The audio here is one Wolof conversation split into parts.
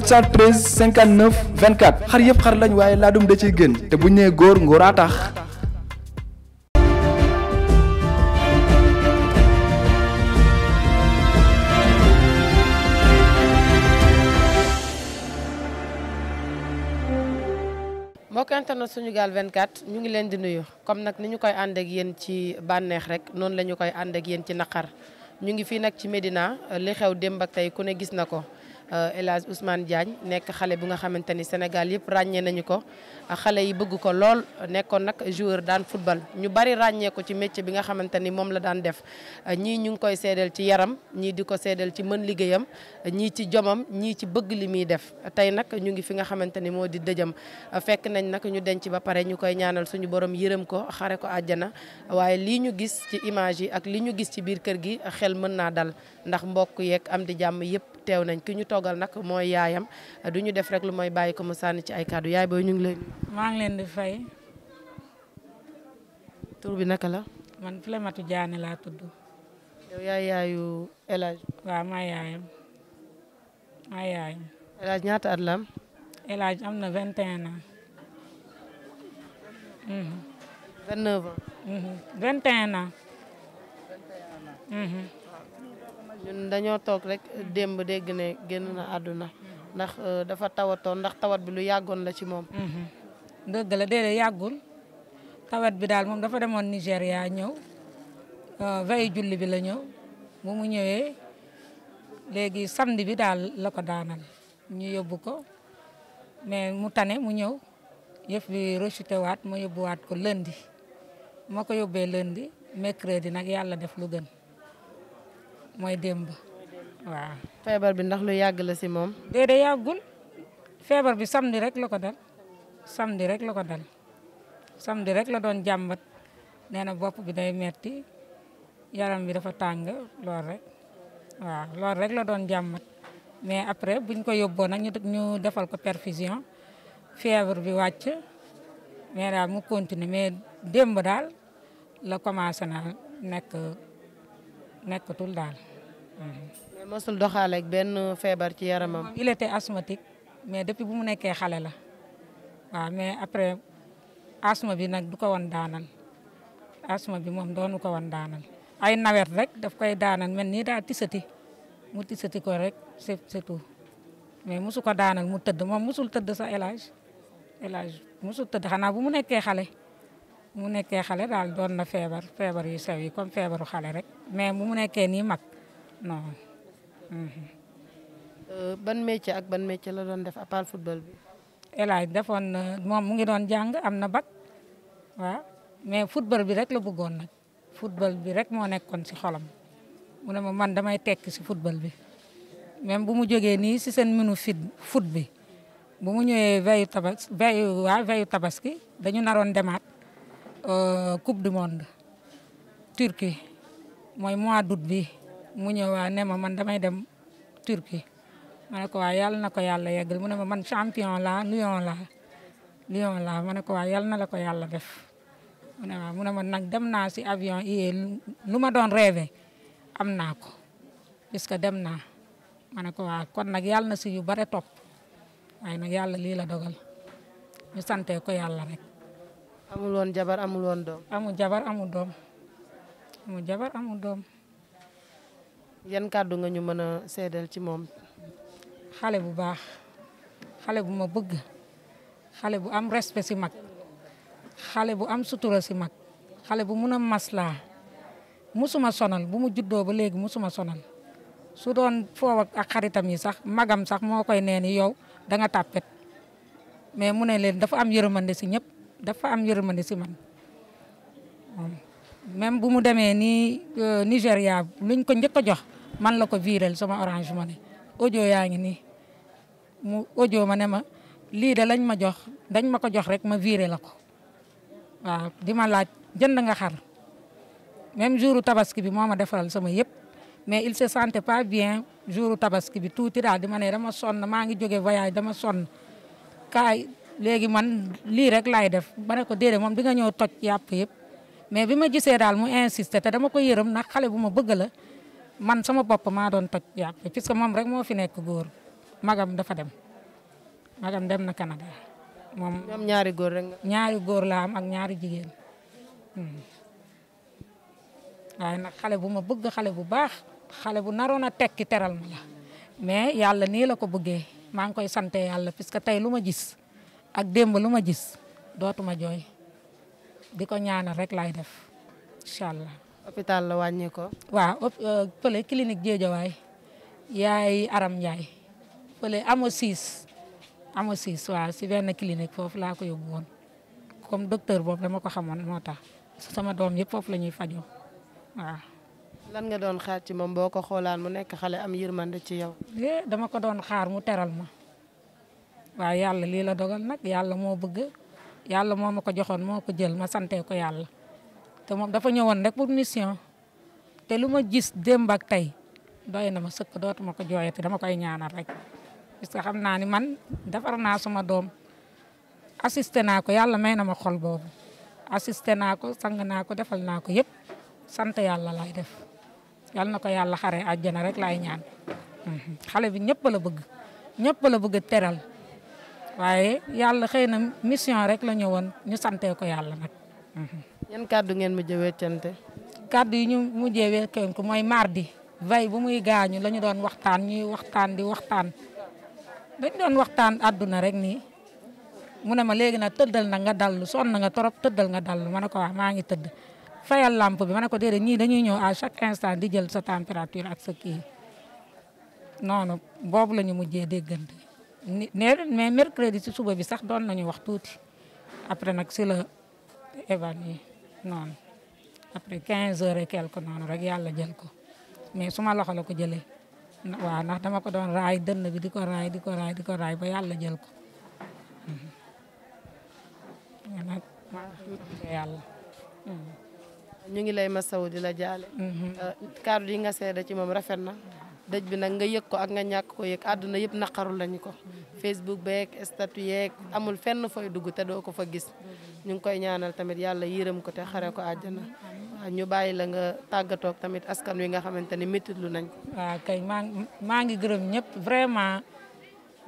713 59 24 xar yëpp xar lañ waaye laadum da te bu ñu nee góor ngóoraa tax. mbokk internet Sunugal ñu ngi leen di nuyu comme nag ni ñu koy ànd ak yéen ci bànneex rek noonu lañu koy ànd ak yéen ci naqar ñu ngi fii nag ci Médina li xew démb ak tey ku ne gis na ko. Euh, El Hadj Ousmane Diagne nekk xale bu nga xamante ni Sénégal yëpp ràññee nañu ko euh, xale yi bëgg ko lool nekkoon nag joueur daan football ñu bari ràññee ko ci métier bi nga xamante ni moom la daan def euh, ñii ñu ngi koy seedeel ci yaram ñii di ko seedeel ci mën liggéeyam ñii ci jomam ñii ci bëgg li muy def tey nag ñu ngi fi nga xamante ni moo di dëjëm fekk nañ nag ñu denc ba pare ñu koy ñaanal suñu borom yërëm ko xare ko àjjana waaye lii ñu gis ci image yi ak li ñu gis ci biir kër gi xel mën naa dal ndax mbokk yeeg am di jàmm yëpp teew nañ ki ñu toggal nag mooy yaayam du ñu def rek lu mooy bàyyi ko mu sànni ci ay kàddu yaay booy ñu ngi leen maa ngi leen di fay. tur bi naka la. man Filimatu Jaane laa tudd. yow yaay yaayu El Hadj. maa yaayam maa yaayam. El ñaata at la am. na 21 ans. 29 mhm. ñun dañoo toog rek euh, démb dégg ne génn na àdduna ndax euh, dafa tawatoon ndax tawat bi lu yàggoon la ci moom. Mhm. dëgg la déedéet yàggul tawat bi daal moom dafa demoon Nigéria ñëw euh, veille julli bi la ñëw bu mu ñëwee léegi samedi bi daal la ko daanal ñu yóbbu ko mais mu tane mu ñëw yëf bi rechuté waat ma yóbbuwaat ko lundi moo ko yóbbee lundi mercredi nag yàlla def lu gën. mooy démb waaw. feebar bi ndax lu yàgg la si moom. déedéet yàggul feebar bi samdi rek la ko dal samdi rek la ko dal samdi rek la doon jàmbat nee na bopp bi day metti yaram bi dafa tàng lool rek waaw lool rek la doon jàmbat mais après buñ ko yóbboo nag ñu ñu defal ko perfusion fièvre bi wàcc mais daal mu continuer mais démb daal la commencé naa nekk nekkatul daal. Mhm. mais do doxaale ak benn feebar ci yaramam. il était asthmatique mais depuis bu mu nekkee xale la waaw mais après asthme bi nag du ko wan daanal asthme bi moom doonu ko wan daanal. ay nawet rek daf koy daanal mel nii daa tisati mu tisati ko rek c'est c'est tout mais mosu ko daanal mu tëdd moom mosul tëdd sa élage élage mosul tëdd xanaa bu mu nekkee xale. mu nekkee xale daal doon na feebar feebar yu sew yi comme feebaru xale rek mais bu mu nekkee mag. Mm-hmm. Uh, ban métier ak ban métier la doon def à part football bi. El Hadj moom mu ngi doon jàng am na bac waaw mais football bi rek la bëggoon nag football bi rek moo nekkoon si xolam mu ne ma man damay tekki si football bi même bu mu jógee nii si seen menu fit foot bi bu mu ñëwee veyu tabaski dañu naroon demaat euh, coupe du monde Turquie mooy mois d'août bi. mu ñëw waa ne ma man damay dem Turquie ma ne ko waa yàlla na ko yàlla yeggal mu ne ma man champion la lion la lion la ma ne ko waa yàlla na la ko yàlla def mu ne waaw ma nag dem naa si avion yee lu ma doon rêvé am naa ko puisque dem naa ma ne ko waa kon nag yàlla na si yu bare topp waaye nag yàlla lii la dogal ñu sante ko yàlla rek. amul woon jabar amul woon doom. jabar amul doom yan kàddu nga ñu mën a seedal ci moom. xale bu baax xale bu ma bëgg xale bu am respect si mag xale bu am sutura si mag xale bu mun a maslaa musuma sonal bu mu juddoo ba léegi musuma sonal su doon foo ak xaritam yi sax magam sax moo koy nee ni yow da nga tàppet mais mu ne leen dafa am yërmande si ñëpp dafa am yërmande si man même bu mu demee ni euh, Nigéria luñ ko njëkk a jox man la ko viral sama orange money audio yaa ngi nii mu audio ma ne ma lii de lañ ma jox dañ ma ko jox rek ma viré la ko waaw di ma laaj jënd nga xar même jouru tabaski bi moo ma defaral sama yëpp mais il se sentait pas bien jouru tabaski bi tuuti daal di ma ne dama sonn maa ngi jóge voyage dama sonn kaay léegi man lii rek laay def ba ne ko déedéet moom di nga ñëw toj yàpp yëpp mais bi ma gisee daal mu insisté te dama ko yërëm ndax xale bu ma bëgg la man sama bopp maa doon toj yàpp puisque moom rek moo fi nekk góor magam dafa dem magam dem na Canada moom. ñoom ñaari góor rek ñaari góor la am ak ñaari jigéen. Hmm. waaye nag xale bu ma bëgg xale bu baax xale bu naroon a tekki teral ma la mais yàlla nii la ko bëggee maa ngi koy sante yàlla puisque tey lu ma gis ak démb lu ma gis dootuma jooy di ko ñaanal rek laay def incha allah. hôpital la wàññi ko. waaw euh, fële clinique Géejawaay yaay Aram Ndiaye fële amoo siis amoo siis waaw si benn clinique foofu laa ko yóbbu woon comme docteur boobu dama ko xamoon moo tax sama doom yëpp foofu la ñuy fajoo waaw. lan nga doon xaar ci moom boo ko xoolaan mu nekk xale am yërmande ci yow. Eh, dama ko doon xaar mu teral ma waaw yàlla lii la dogal nag yàlla moo bëgg yàlla moo ma ko joxoon moo ko jël ma santee ko yàlla. te moom dafa ñëwoon rek pour mission te lu ma gis démb ak tey doy na ma sëkk dootuma ko jooyati dama koy ñaanal rek. parce que xam naa ni man defar naa suma doom assisté naa ko yàlla may na ma xol boobu assisté naa ko sang naa ko defal naa ko yëpp sant yàlla lay def yàlla na ko yàlla xare àjjana rek lay ñaan. Mhm. xale bi ñëpp la bëgg ñëpp la bëgg teral waaye yàlla xëy na mission rek la ñëwoon ñu santee ko yàlla nag. Mhm. yan kàddu ngeen mujjee weccante. kàddu yi ñu mujjee weccante mooy mardi vay bu muy gaañu la ñu doon waxtaan ñuy waxtaan di waxtaan dañ doon waxtaan àdduna rek nii mu ne ma léegi nag tëddal na nga dallu sonn nga trop tëddal nga dallu ma ne ko wax maa ngi tëdd fayal lampe bi ma ne ko déedéet ñii dañuy ñëw à chaque instant di jël sa température ak sa kii noonu boobu la ñu mujjee déggante ni mais mercredi si suba bi sax doon nañu wax tuuti après nag si la noonu après 15 heures et quelque noonu rek yàlla jël ko mais suma loxo la ko jëlee waaw ndax dama ko doon raay dënn bi di ko raay di ko raay di ko raay ba yàlla jël ko. Mhm. nag yàlla. Mhm. ñu ngi lay masawu di la jaale. Mhm. Euh, yi nga seede ci moom rafet na. dëj bi nag nga yëg ko ak nga ñàkk ko yëg àdduna yëpp naqarul lañu ko. Facebook beeg statut yeeg amul fenn fooy dugg te doo ko fa gis. ñu ngi koy ñaanal tamit yàlla yërëm ko te xare ko àjjana waaw ñu bàyyi la nga tàggatoog tamit askan wi nga xamante ne métti lu nañ waaw kay maa maa ngi gërëm ñëpp vraiment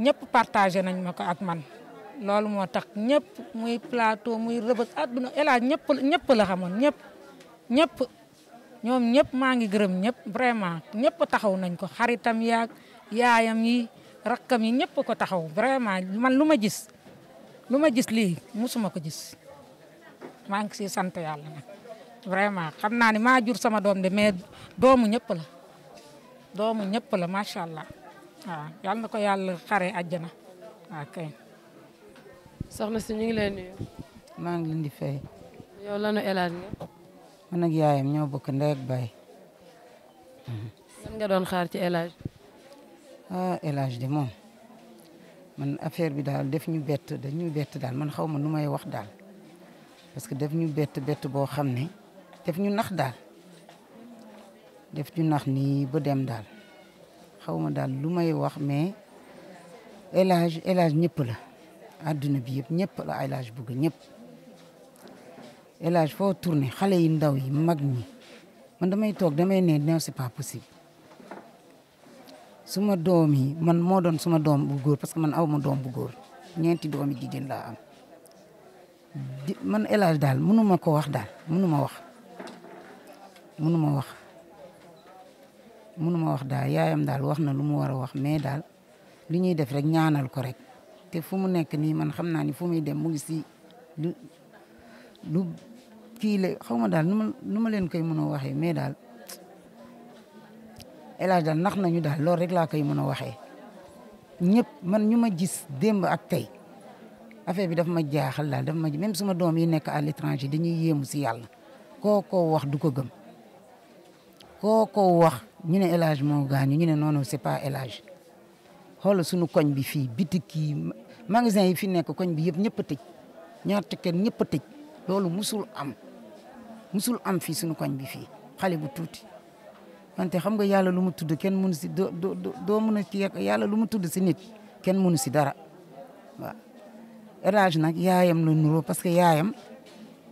ñëpp partagé nañ ma ko ak man loolu moo tax ñëpp muy plateau muy rëbës àdduna élage ñëpp ñëpp la xamoon ñëpp ñëpp ñoom ñëpp maa ngi gërëm ñëpp vraiment ñëpp taxaw nañ ko xaritam ya yaayam yi rakkam yi ñëpp ko taxaw vraiment man lu ma gis lu ma gis lii musuma ko gis maa ngi siy sant yàlla nag vraiment xam naa ne maa jur sama doom de mais doomu ñëpp la doomu ñëpp la macha allah waaw yal na ko yàlla xaree àjjana waaw kay. soxna si ñu ngi lay maa ngi leen di fay. yow lanu elaaj nga. man yaayam ñoo bokk ndey ak baay. lan nga doon xaar ci elaaj. ah elaaj de moom man affaire bi daal def ñu bett dañu bett daal man xaw ma nu may wax daal. parce que def ñu bett bett boo xam ne def ñu nax daal def ñu nax nii ba dem daal xaw ma daal lu may wax mais élage élage ñëpp la àdduna bi yëpp ñëpp la élage bëgg ñëpp élage foo tourné xale yi ndaw yi mag ñi man damay toog damay ne non c'est pas possible suma doom yi man moo doon suma doom bu góor parce que man aw ma doom bu góor ñeenti doom yi jigéen laa am man El Hadj daal mënuma ko wax daal mënuma wax mënuma wax mënuma wax daal yaayam daal wax na lu mu war a wax mais daal li ñuy def rek ñaanal ko rek te fu mu nekk nii man xam naa ni fu muy dem mu ngi si lu lu kii la xaw ma daal nu ma nu ma leen koy mën a waxee mais daal El daal nax nañu daal loolu rek laa koy mën a waxee ñëpp man ñu ma gis démb ak tey affaire bi daf ma jaaxal daal daf ma même suma doom yi nekk à l'étranger dañuy yéemu si yàlla koo koo wax du ko gëm koo koo wax ñu ne El Hadj moo gaañu ñu ne non non c'est pas El Hadj sunu koñ bi fii bitik yi magasin yi fi nekk koñ bi yëpp ñëpp a tëj ñaar tëkkeen ñëpp a tëj loolu musul am musul am fii sunu koñ bi fii xale bu tuuti wante xam nga yàlla lu mu tudd kenn mënu si mën a yàlla lu mu tudd si nit kenn mënu si dara Elhadji nag yaayam la nuroo parce que yaayam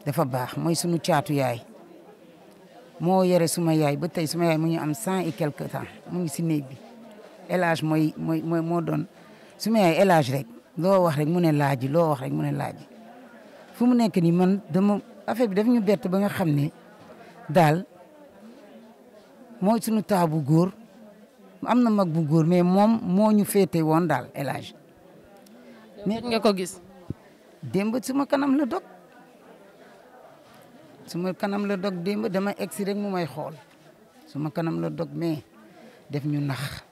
dafa baax mooy sunu caatu yaay moo yore suma yaay ba tey suma yaay mu ngi am cent et quelque temps mu ngi si néeg bi Elhadji mooy mooy mooy moo doon suma yaay Elhadji rek loo wax rek mu ne laaji loo wax rek mu ne laaji fu mu nekk nii man dama affaire bi daf ñu bett ba nga xam ne daal mooy sunu taa góor am na mag bu góor mais moom moo ñu féete woon daal Elhadji. démb suma kanam la dog suma kanam la dog démb dama egsi rek mu may xool suma kanam la dog mais def ñu nax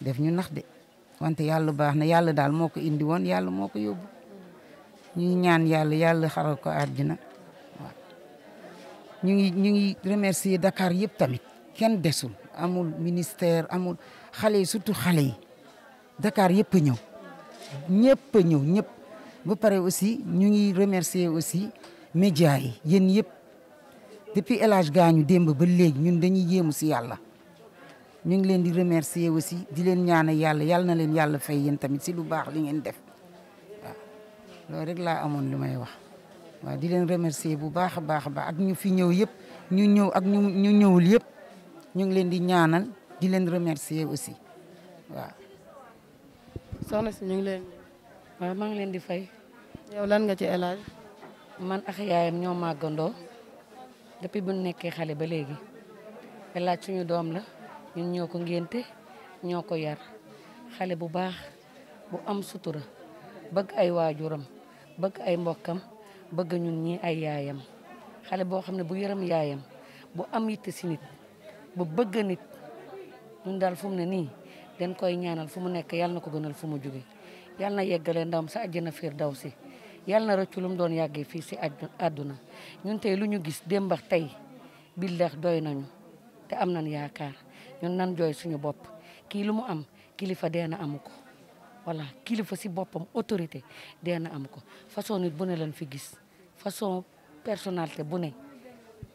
def ñu nax de wante yàlla baax na yàlla daal moo ko indi woon yàlla moo ko yóbbu ñu ñaan yàlla yàlla xaral ko àddina waaw ñu ngi ñu ngi remercier Dakar yëpp tamit kenn desul amul ministère amul xale yi surtout xale yi Dakar yëpp a ñëw ñëpp ñëw ñëpp ba pare aussi ñu ngi remercier aussi média yi yéen yëpp depuis El Hadj gaañu démb ba léegi ñun dañuy yéemu si yàlla ñu ngi leen di remercier aussi di leen ñaanal yàlla yàlla na leen yàlla fay yéen tamit si lu baax li ngeen def waaw loolu rek laa amoon lu may wax waaw di leen remercier bu baax a baax a baax ak ñu fi ñëw yëpp ñu ñëw ak ñu ñu ñëwul yëpp ñu ngi leen di ñaanal di leen remercier aussi waaw. waaw maa ngi leen di fay. yow lan ci El man ak yaayam ñoo màggandoo depuis bu nekkee xale ba léegi El suñu doom la ñun ñoo ko ngénte ñoo ko yar xale bu baax bu am sutura bëgg ay waajuram bëgg ay mbokkam bëgg ñu ñi ay yaayam xale boo xam ne bu yaram yaayam bu am yitte si nit bu bëgg nit ñun daal fu mu ne nii dañ koy ñaanal fu mu nekk yàlla na ko gënal fu mu jóge yal na yeggale ndawam sa àjjana firdawsi yal na rëccu lu mu doon yàggee fii si àdduna ñun tey lu ñu gis démb tey billax doy nañu te am nañ yaakaar ñun nan jooy suñu bopp kii lu mu am kilifa deena amu ko voilà kilifa si boppam autorité deena amu ko façon nit bu ne lañ fi gis façon personnalité bu ne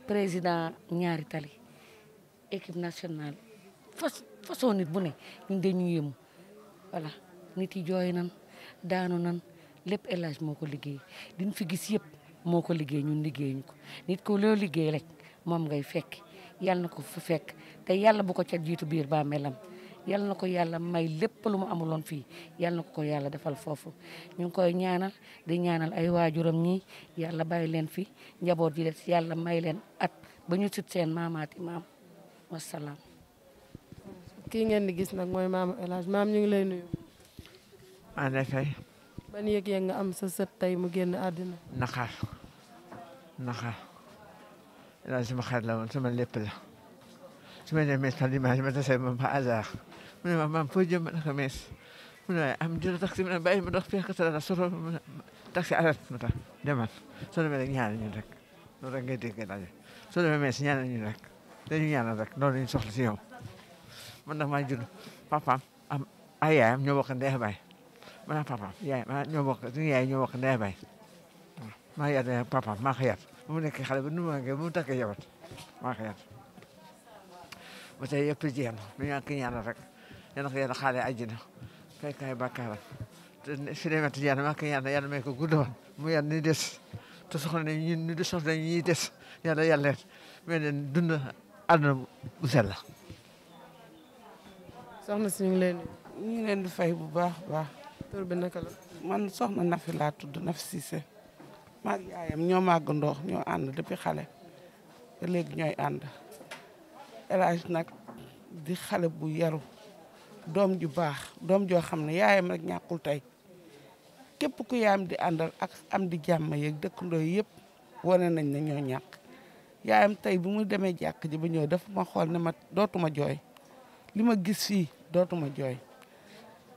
président ñaari tali équipe nationale façon nit bu ne ñun dañu yéemu voilà nit yi jooy nan daanu nan lépp El Hadj moo ko liggéey liñ fi gis yëpp moo ko liggéey ñun liggéeyuñu ko nit ko loo liggéey rek moom ngay fekk yàlla na ko fa fekk te yàlla bu ko ca jiitu biir baa melam yàlla na ko yàlla may lépp lu mu amuloon fii yal na ko ko yàlla defal foofu ñu ngi koy ñaanal di ñaanal ay waajuram ñi yàlla bàyyi leen fi njaboot ji def yàlla may leen at ba ñu sut seen maamaati maam wasalaam kii ngeen di gis nag mooy maam maam ñu lay nuyu maa ngi lay ban yëg-yëg nga am sa sët tey mu génn àddina. naqar naqar loolu ma xarit la woon sama lépp su ma demee sax dimanche ma tase ma ba hasard mu ne ma maam jëm ma mu ne waaye am jël taxi mu ne bàyyi ma dox fekk sa dara soro mu ne taxi arrêt ma tax demal soo rek ñaanal ñu rek loolu rek ngay dégg daal ma demee mees ñaanal ñu rek dañu ñaanal rek loolu la soxla si yow man nag ma jur papaam am ay yaayam ñoo bokk baay maanaam papaam yaay maanaam ñoo bokk suñu yaay ñoo bokk ndey bay maa yar ne papaam maa ko yar mu nekk xale ba nu mu màggee mu takk jabat maa ko yar ba tey yëpp jeex na nu ñaan ki ñaanal rek yal na ko yàlla xaale àjjana kay kay bàkkaaram Souleymane Tidiane maa ko ñaanal yàlla may ko gudd woon mu yar ni des te soxna ne ñun ñu di soxna ñuy des yàlla yàlla mais ne dund àdduna bu sell la soxna si ñu ngi leen ñu ngi leen di fay bu baax baax tur bi man soxna Nafi laa tudd Nafi Cissé maag yaayam ñoo màggandoo ñoo ànd depuis xale ba léegi ñooy ànd El nag di xale bu yaru doom ju baax doom joo xam ne yaayam rek ñàkkul tey képp ku yaayam di àndal ak am di jàmm yeeg dëkkandoo yépp wane nañ ne ñoo ñàkk yaayam tey bi mu demee jàkk ji ba ñëw dafa ma xool ne ma dootuma jooy li ma gis fii dootuma jooy.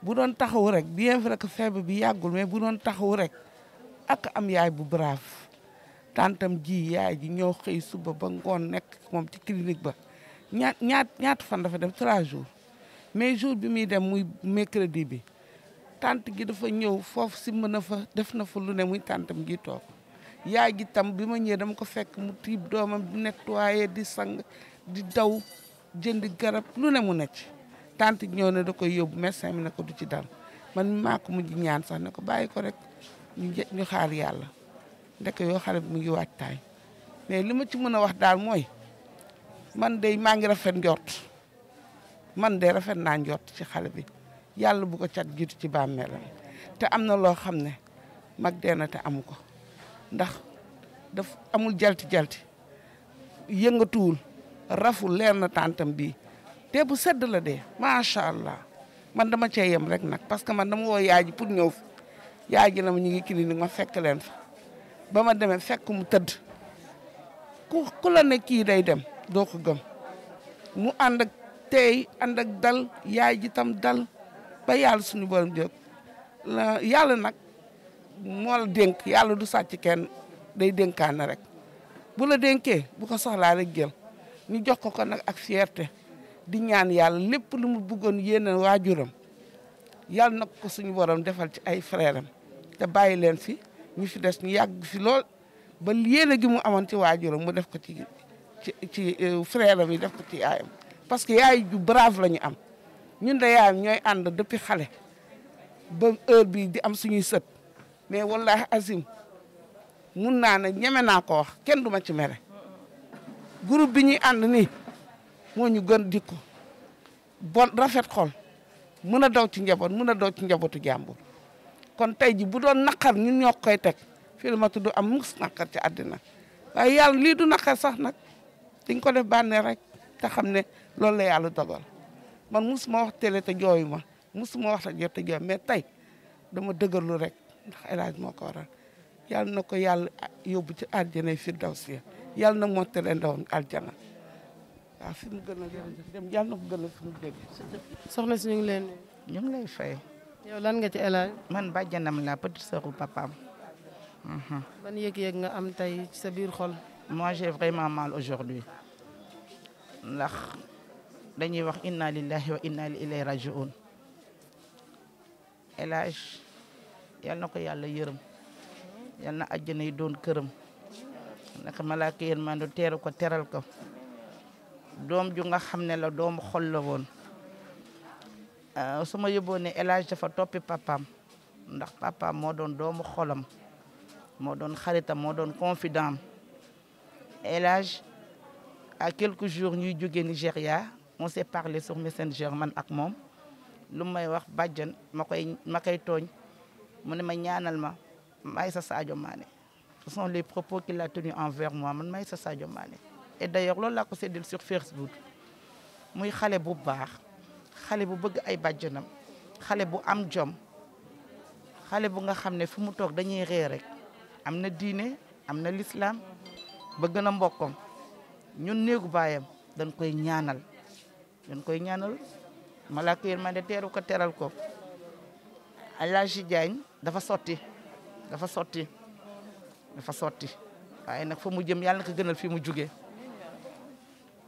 bu doon taxaw rek bien vrai que feebar bi yàggul mais bu doon taxaw rek ak am yaay bu brave tàntam ji yaay ji ñëw xëy suba ba ngoon nekk moom ci clinique ba ñaat ñaat fan dafa dem trois jours mais jour bi muy dem muy mercredi bi tànt gi dafa ñëw foofu simb na fa def na fa lu ne muy tàntam gi toog yaay gi tam bi ma ñëwee dama ko fekk mu tiib doomam di nettoyer di sang di daw jënd garab lu ne mu ne tante ñëw ne da koy yóbbu médecin mi ne ko du ci dal man maa ko mujj ñaan sax ne ko bàyyi ko rek ñu ñu xaar yàlla ndek yoo xale bi mu ngi waajtaay mais li ma ci mën a wax daal mooy man day maa ngi rafet njort man de rafet naa njort ci xale bi yàlla bu ko cat jiitu ci bàmmeelam te am na loo xam ne mag dee na te amu ko ndax daf amul jalti jalti yëngatuwul raful leer na tàntam bii te bu sedd la dee macha allah man dama cee yem rek nag parce que man dama woo yaay ji pour ñëw yaay na ma ñu ngi clinique ma fekk leen ba ma demee fekk mu tëdd ku ku la ne kii day dem doo ko mu ànd ak tey ànd dal yaay ji tam dal ba yàlla suñu borom jóg la yàlla nag moo la dénk yàlla du sàcc kenn day dénkaan na rek bu la dénkee bu ko soxlaa rek jël ñu jox ko ko nag ak fierté di ñaan yàlla lépp lu mu bëggoon yéene waajuram yàlla na ko suñu borom defal ci ay frère am te bàyyi leen fi ñu fi des ñu yàgg fi lool ba yéene gi mu amoon ci waajuram mu def ko ci ci ci euh, frère yi def ko ci yaayam parce que yaay ju baraav la ñu am ñun da yaayam ñooy ànd depuis xale ba heure bi di am suñuy sët mais wallahi azim mun naa ne ñeme naa ko wax kenn du ma ci mere groupe bi ñuy ànd nii moo ñu gën dikku bon rafet xol mën a daw ci njaboot mën a daw ci njabootu jàmbur kon tey ji bu doon naqar ñun ñoo koy teg Fatoumata du am mus naqar ci àddina waaye yàlla lii du naqar sax nag dañ ko def rek te xam ne loolu la yàlla dogal man musuma wax télé te jooyu ma musuma wax rajo te jooy mais tey dama dëgërlu rek ndax El Hadj moo ko waral yàlla na ko yàlla yóbbu ci àjjana firdawsi yàlla na mottale ndawam aljana waaw fi mu gën a na ko gën a mu jógee. soxna si ñu leen ñu ngi lay fay. yow lan nga ci man bàjjanam la petite sœuru papaam. Mhm. ban yëg-yëg nga am tey ci sa biir xol. moi j'ai mal aujourd'hui ndax dañuy wax inna lillahi wa inna ilayhi rajiun Elhadj yal na ko yàlla yërëm yal na àjjana yi doon këram ndax malaaka yéen maa ngi teeru ko teral ko. doom ju nga xam ne la doomu xol la woon euh, su ma yóbboo ne El Hadj dafa toppi papaam ndax pappam moo doon doomu xolam moo doon xaritam moo doon confident El Hadj à quelques jours ñuy jógee Nigéria on s'est parlé sur Messenger man ak moom lu may wax bàjjan ma koy ma koy tooñ mu ne ma ñaanal ma Maïssa Sadio Mané ce sont les propos qu'il a tenus envers moi man Maïssa Sadio Mané et d'ailleurs loolu la ko séddale sur Facebook muy xale bu baax xale bu bëgg ay bàjjanam xale bu am jom xale bu nga xam ne fu mu toog dañuy ree rek am na diine am na lislaam bëgg na mbokkam ñun néegu baayam dañ koy ñaanal dañ koy ñaanal malaaka yërmande teeru ko teral ko Alaaji Diagne dafa sotti dafa sotti dafa sotti waaye nag fa mu jëm yàlla na ko gënal fi mu jugee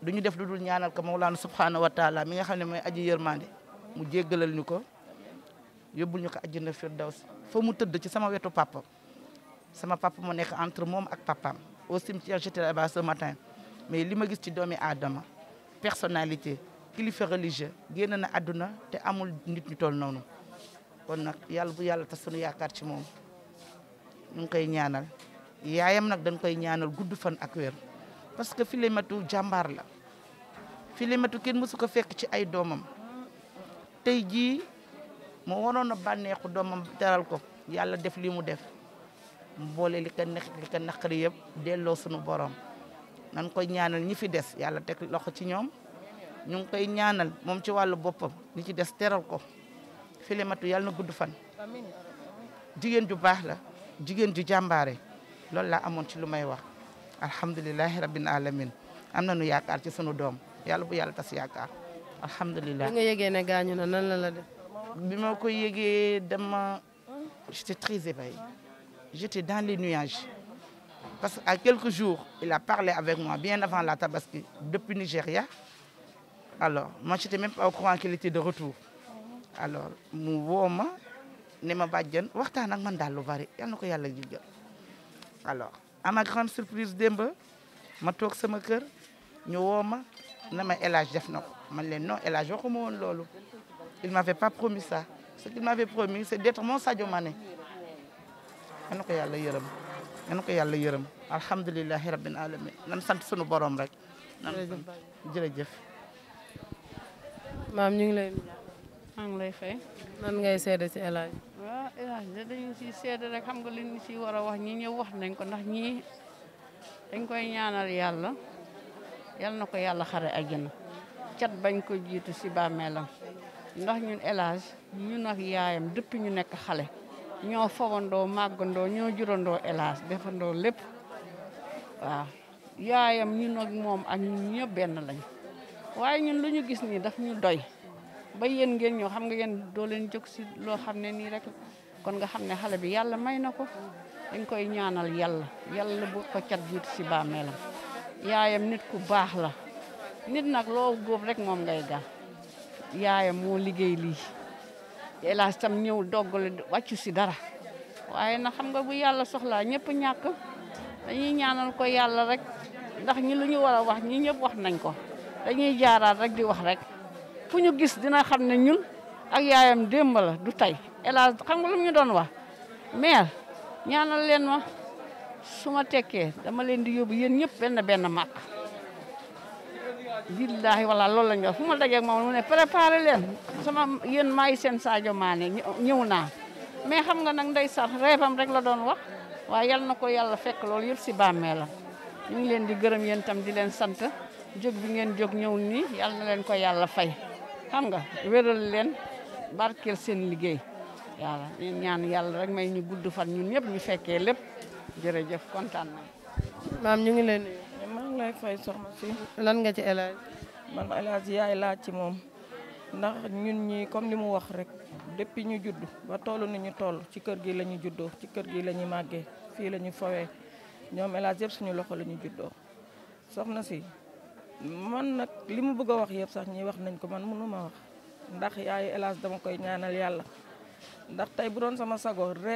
du ñu def lu dul ñaanal ko Mawlaana subhaanahu wa taala mi nga xam ne mooy aji yërmande mu jéggalal ñu ko yóbbul ñu ko àjjana firdaws foo mu tëdd ci sama wetu papa sama papa moo nekk entre moom ak papaam au cimetière j'étais là-bas ce matin mais li ma gis ci doomi aadama personnalité kilifa religieux génn na àdduna te amul nit ñu toll noonu kon nag yàlla bu yàlla tas sunu yaakaar ci moom ñu koy ñaanal yaayam nag dañ koy ñaanal gudd fan ak wér parce que Filimatu jàmbaar la Filimatu kenn mësu ko fekk ci ay doomam tey jii mu waroon a bànneexu doomam teral ko yàlla def lii mu def mboole li ko neex li ko naqari yëpp delloo suñu borom nan koy ñaanal ñi fi des yàlla teg loxo ci ñoom ñu ngi koy ñaanal moom ci wàllu boppam ñi ci des teral ko Filimatu yàlla na gudd fan jigéen ju baax la jigéen ju jàmbaare loolu la amoon ci lu may wax alhamdulilahi rabbil alamin am na nu yaakaar ci sunu doom yàlla bu yàlla tas yaakaar alhamdulilah. bi nga yëgee ne gaañu na nan la la def. ma ko yëgee dama j'étais très éveillée j'étais dans les nuages parce que à quelques jour il a parlé avec moi bien avant la tabaski depuis Nigéria alors moi j'étais même pas au courant de retour alors mu woo ma ne ma bàjjen waxtaan ak man daal lu bari yal na ko yàlla jéggal alors. à ma surprise démb ma toog sama kër ñu woo ma na ma El Hadj def na ko man leen non El Hadj waxuma woon loolu il m'avait pas promis ça ce qu'il m'avait promis c'est d'être mon Sadio Mané yal na ko yàlla yërëm yal na ko yàlla yërëm alhamdulilahi rabbil alamin nan sant sunu borom rek nan jërëjëf ñu ngi lay ngi lay fay nan ngay seede si El Hadj. waaw ah, El Hadj dañu ciy seede rek xam nga li ñu ciy war a wax ñi ñëw wax nañ ko ndax ñii dañ koy ñaanal yàlla yal na ko yàlla xare àjjana cat bañ ko jiitu ci bàmmeelam ndax ñun El Hadj ñun yaayam depuis ñu nekk xale ñoo fawandoo màggandoo ñoo jurandoo El Hadj defandoo lépp waaw yaayam ñun ak moom ak ñun ñëpp benn lañu waaye ñun lu ñu gis nii daf ñu doy. ba yéen ngeen ñëw xam nga yéen doo leen jóg si loo xam ne nii rek kon nga xam ne xale bi yàlla may na ko dañ koy ñaanal yàlla yàlla bu ko cat jiitu si bàmmeelam yaayam nit ku baax la nit nag loo góob rek moom ngay gal yaayam moo liggéey lii hélas tam ñëw doggale wàccu si dara waaye na xam nga bu yàlla soxlaa ñëpp ñàkk dañuy ñaanal ko yàlla rek ndax ñi lu ñu war a wax ñi ñëpp wax nañ ko dañuy jaaraat rek di wax rek fu ñu gis dina xam ne ñun ak yaayam démb la du tey hélas xam nga lu ñu doon wax meer ñaanal leen ma su ma tekkee dama leen di yóbbu yéen ñëpp benn benn màkk billaahi wala loolu lañu wax fu ma dajeeg moom mu ne préparé leen sama yéen maay seen Sadio Mané ñëw naa mais xam nga nag ndeysaan reebam rek la doon wax waaye yal na ko yàlla fekk loolu yëpp si la ñu ngi leen di gërëm yéen tam di leen sant jóg bi ngeen jóg ñëw nii yal na leen ko yàlla fay xam nga wéral leen barkeel seen liggéey yàlla ñu ñaan yàlla rek may ñu gudd fan ñun ñëpp ñu fekkee lépp jërëjëf kontaan na maam ñu ngi leen nuyu eh, maa lay fay soxna si lan nga ci El Hadj man yaay laaj ci moom ndax ñun ñi comme ni mu wax rek depuis ñu judd ba toll ni ñu toll ci kër gi la ñu juddoo ci kër gi la ñu màggee fii la ñu fawee ñoom El Hadj yëpp suñu loxo la ñu juddoo soxna si man nag li mu bëgg a wax yëpp sax ñii wax nañ ko man mënu ma wax ndax yaayu hélas dama koy ñaanal yàlla ndax tey bu doon sama sago re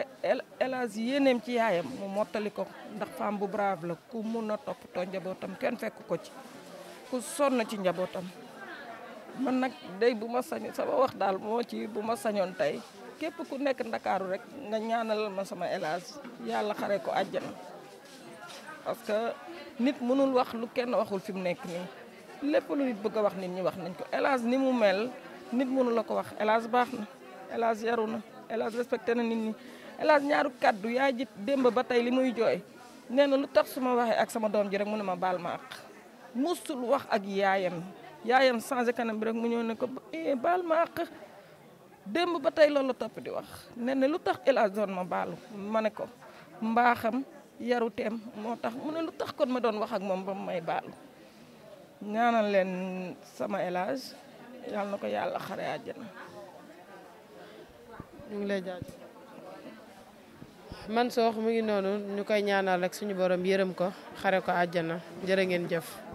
yéeneem ci yaayam mu mottali ko ndax bu brave ku mun a toppatoo njabootam kenn fekk ko ci ku sonn ci njabootam man nag day bu ma sañ sama wax daal moo ci bu ma sañoon tey képp ku nekk ndakaaru rek nga ñaanal ma sama hélas yàlla xare ko àjjana parce nit mënul wax lu kenn waxul fi mu nekk nii lépp lu nit bëgg a wax nit ñi wax nañ ko El ni mu mel nit mënula ko wax El Hadj baax na El yaru na El Hadj na nit ñi El ñaaru kàddu yaa ji démb ba tey li muy jooy nee na lu tax su ma waxee ak sama doom ji rek mu ne ma baal ma ak musul wax ak yaayam yaayam changé kanam bi rek mu ñëw ne ko eh, baal ma ak démb ba tey loolu la topp di wax nee na lu tax El Hadj doon ma baalu ma ne ko mbaaxam. yaruteem moo tax mu ne lu tax kon ma doon wax ak moom ba mu may baalu ñaanal leen sama élage yàlla na ko yàlla xare àjjana ñu ngi lay jaajëf man soox mu ngi noonu ñu koy ñaanal rek suñu borom yërëm ko xare ko àjjana jërë ngeen jëf